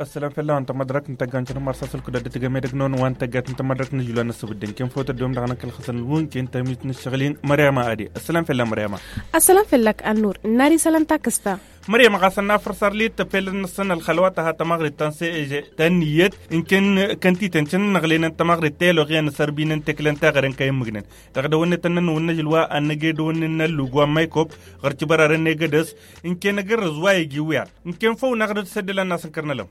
السلام فيلا انت مدرك انت كان شنو مرسا سلك دد تجمع دك نون وان تجات انت مدرك نجول انا سب الدين كم فوت الدوم دعنا كل خسر الون كين تميت نشغلين مريم ادي السلام فيلا مريم السلام فيلك النور ناري سلام تاكستا مريم غاسنا فرصار لي تبيل نصن الخلوات ها تمغري تنسي تنيت إن كان كنتي تنشن نغلين أنت مغري تيلو غيان سربين أنت كلن تغرن كي مغنن تغدا ون تنن ون جلوا أن نجد ون نلوغوا مايكوب غرتي برا رنجدس إن كان غير زواي جيويا إن كان فو نغرد سدل الناس كرنلم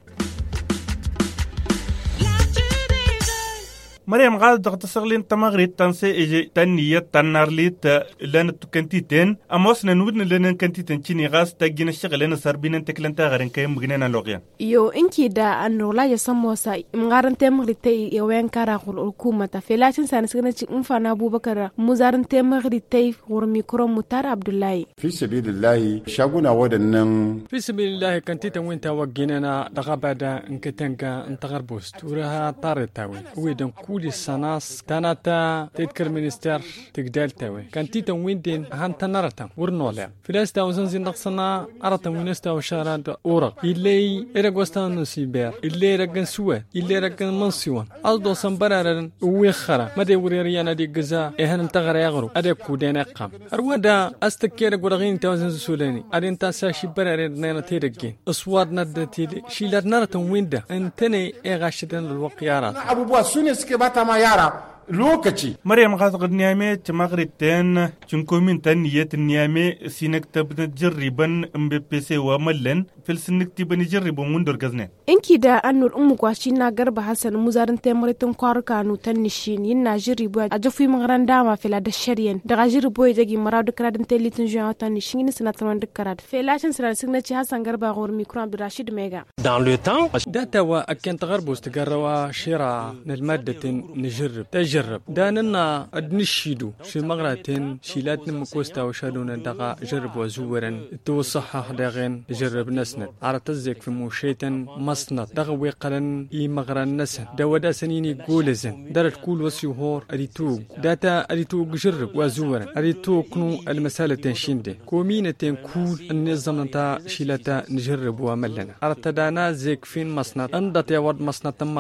مريم غاد تغتصر لين تمغريد تنسي إجي تنية تنارليت لان تكنتيتين أموسنا نودن لان كنتيتين تشيني غاز تاجين الشغل أنا صار بينا تكلن تاغرين كي مغنينا لغيان يو إنكي دا أنو لا يسموسا مغارن تمغريد تي يوين كارا غل الكومة فلاتن سانسكنا تي انفانا أبو بكر مزارن تمغريد تي ورمي كروم متار عبد الله في سبيل الله شاغونا ودنن في سبيل الله كنتيتين وين تاوغيننا دغابادا انكتنكا انتغربوست ورها طارتاوي ويدن كول دي السناس تاناتا تذكر منستر تقدال تاوي كان تي ويندين هان تنارتا ورنولا فلاس تاوزن زين نقصنا أرتا وينستا وشارات أورق إلي إرق وستان سيبير إلي إرق نسوة إلي رقن منسيوان ألدو سنبرارن ويخرا مدي وريريانا دي قزا إهان انتغر يغرو أدي كودين أقام أرودا أستكير قرغين تاوزن سولاني أدين تاسا شبرارن نانا تيرقين أصوار ندتي شيلات نارتا ويندا انتني إغاشدن الوقيارات أبو بوا سوني سكبات Tamayara. lokaci. Maryam Hassan Niyame ta Magrit ta yan cinkomin ta niyyat Niyame sinek ta jin riban MBPC wa mallan filsinik ti bani jin riban wundar gazne. In ki da an annur umu kwashi na garba Hassan muzarin ta maritin kwaru kanu ta nishin yin na jin ribo a jafi magaran dama fela da shariyan daga jin ribo ya jagi mara duk radin ta litin juyan wata nishin yin sanatarwar duk karat. Felashin sinar ci Hassan garba a wurin mikro Rashid Mega. Dan lo ta wa temps. Datawa garbo su ta garawa shira na nalmadatin nijirrib. جرب داننا أدنشيدو شي مغراتين لاتن مكوستا وشادونا دغا جرب وزورا توصحح داغين جرب نسند عرتزك في موشيتن مصند دغوي قلن إي مغران نسن داودا سنيني قولزن دارت كول وسيهور أريتوك داتا أريتوك جرب وزورا أريتوك نو المسالة تنشيندي كومينة كول النظام نتا شيلاتا نجرب وملنا دانا زيك فين مصند أندت يا ورد مصند تم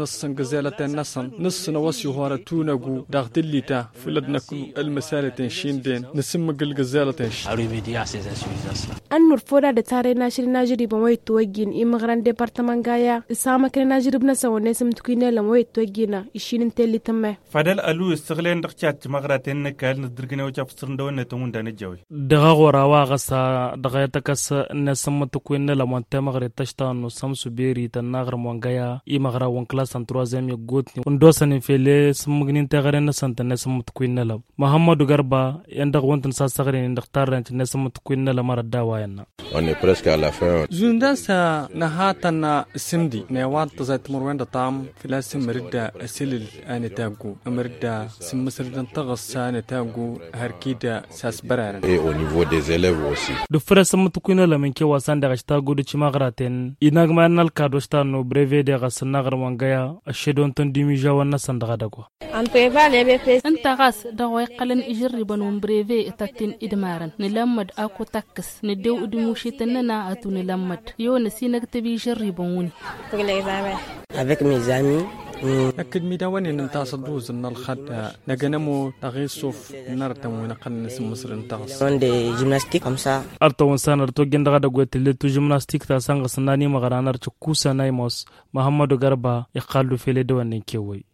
نصن قزالة نصن نصن وسي تا داغدليتا فلدنكو المسالة تنشين شيندين نسمى قلقزالة أنور فورا دتاري ناشر ناجري بموي توجين إما غران ديبارتمان غايا إسامة كان ناجري بنسا ونسم تكوينة لموي توجينا إشين انتلي تمه فدل ألو استغلين دقشات مغراتين نكال ندرقنا وشاب سرندوين نتمون دان الجوي دغاغو راوا غسا دغايتكس نسمى تكوينة لموانتا مغراتشتا نسام سبيري تناغر موانغايا إما غرا وانكلاس انتروازيم يقوتني وندوسن في de smugnin ta garan na santa na smut kuin na lab muhammadu garba yanda wantan sa sagare ne daktar ran na smut kuin na la mara dawa yanna on est presque à la fin zunda sa na hatana simdi ne wanta zait murwanda tam filasim marida asilil ani tagu amarda simmasirdan tagassa ani tagu harkida sas bararan et au niveau des élèves aussi du fura smut kuin na la men ke wasan daga ta gudu ci magraten inagmanal kadosta no breve de gasna garwangaya ashedon ton dimi jawanna sandaga دغو انت غاس يقلن قلن اجربا بريفي اتاتين ادمارن نلمد اكو تاكس ندو ادموشي تننا اتو نلمد يو نسي نكتبي جربا وني avec mes amis أكد ميدا وين نتا صدوز إن الخد نجنمو تغيصوف نرتم ونقل نسم مصر نتغص وين دي جيمناستيك أمسا. أرتو ونسان أرتو جند غدا قويت اللي تو جيمناستيك تاسان غسناني مغرانر أرتو كوسا نايموس محمد غربا يقالو في لدوان نكيوي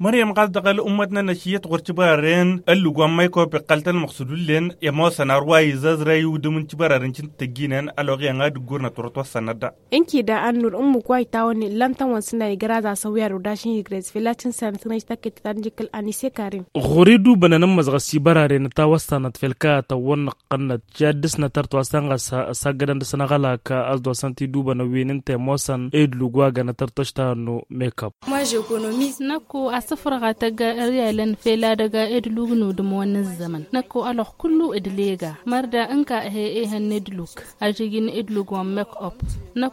مريم قال دقل أمتنا نشيت غرتي بارين اللي قام مايكو بقلت المقصودين لين يا ما سنار واي زاز رايو دمن تبارا رنشن تجينن ألوغي أنا دقورنا ترتوا سندا إنكي دا أن نور أم كواي تاون لن تاون سنا يجرازا سويا روداشين يجرز في لاتن سنتنا يشتكت تنجكل أنيسي كريم غريدو بنانا مزغسي بارين تاوا سنت في الكا تاون قنت جادس نترتوا سنغا ساقدن سنغالا كا أزدو سنتي دوبا نوينين تيموسن إيد لغوا غنترتشتا نو ميك اب ما جيكونوميز نكو ta taga riyalan fela daga edlugnu da wannan zaman Na ko alox kullu edlega marda ka he e han edlug a jigin edlugwa make up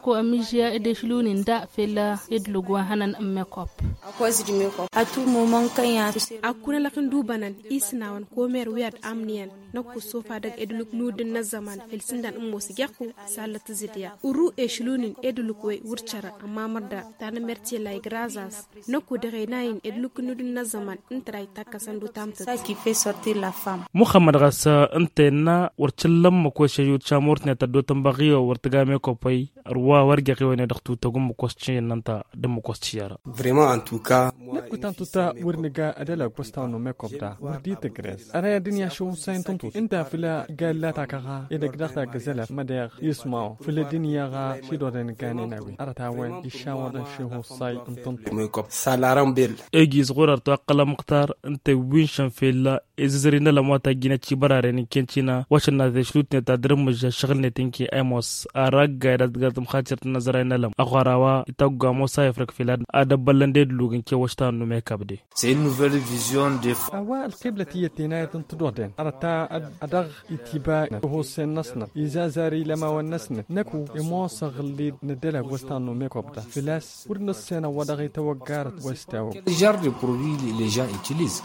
ko amijiya edeshlunin da fela edlugwa wa hanan make up akwasi di make up atu A kanya akuna lakin dubanan isnawan ko mer wiad amnian nako sofa daga edlug nudin na zaman felsindan um mosi gyaku salatu zidiya uru edshlunin edlug wurcara amma marda tana mertie like razas nako daga nayin edlug luknudun na zaman intrai takasandu tamta ça qui fait sortir la femme muhammad gasa intena warchillam ma ko shayu chamortne ta dotan bagiyo wartagame ko pay arwa warge qiyone daqtu tagum ko shinanta dum ko siyara vraiment en tout cas nakutan tuta wurniga adala kwastano me kopta wardi tegres ara dunya shu sain tuntu inta fila galla takaga idag daqta gazala madaq yismao fila dunya ga shidodan ganena wi arata wen ishawadan shu sai tuntu me kop salaram bil وجي صغير توقل مختار انت وين شن في لا ازرينا لما تجينا تشي برارين كنتينا وشنا ذي شلوتنا تدرم مجا شغلنا تنكي اموس اراك قاعدة قاعدة مخاتر نظرين لم اخواروا اتوقع موسى يفرق في لاد ادبلن ديد لوغن كي وشتان نميك ابدي سي نوفيل فيزيون دي اوا القبلة تيتينا تنتدودين ارتا ادغ اتباع هو سنسنا اذا زاري لما ونسنا نكو اموس غليد ندلق وشتان نميك ابدا فلاس ورنسينا ودغي توقارت وشتاو جرد de produits les gens utilisent.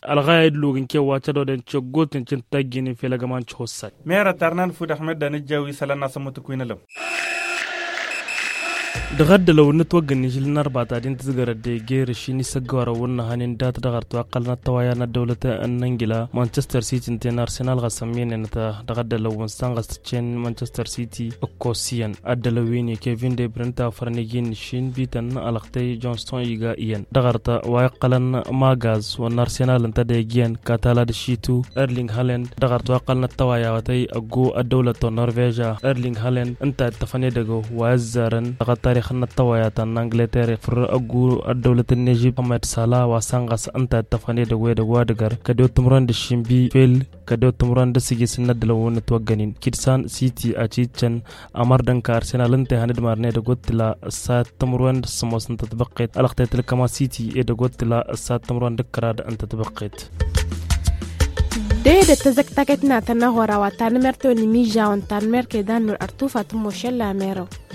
دغد لو نتوقع نجل نربع تادين تزغر دي غير شيني سغورا ونا هانين دات دغر توقل نتوايا ندولة النجلة مانشستر سيتي انتين ارسنال غسمين انتا دغد لو ونسان غستشين مانشستر سيتي اكوسيان ادلويني كيفين دي برنتا فرنيجين شين بيتن الاختي جونستون يغا ايان دغرتا واقلن ماغاز ون ارسنال انتا دي جيان كاتالا دشيتو ايرلينغ هالاند دغر توقل نتوايا وتي اقو الدولة نورفيجا ايرلينغ هالاند انتا التفاني دغو وازارن دغتاري التاريخ النطوية تان انجلتيري فر اقو الدولة النجيب محمد صلاح وسانغس انت تفاني دقوي دقوا دقر كدو تمران دشين بي فيل كدو تمران دسيجي سنة دلوون توقنين كيرسان سيتي اتشيتشن امر دنك ارسنال انت هند مارني دقوت لا سات تمران سموس انت تبقيت الاختيت لكما سيتي دقوت لا سات تمران دكراد انت تبقيت dayda tazagtagetna tanahora wataanmertonimijawan tanmerkedanur artufatumoshelamero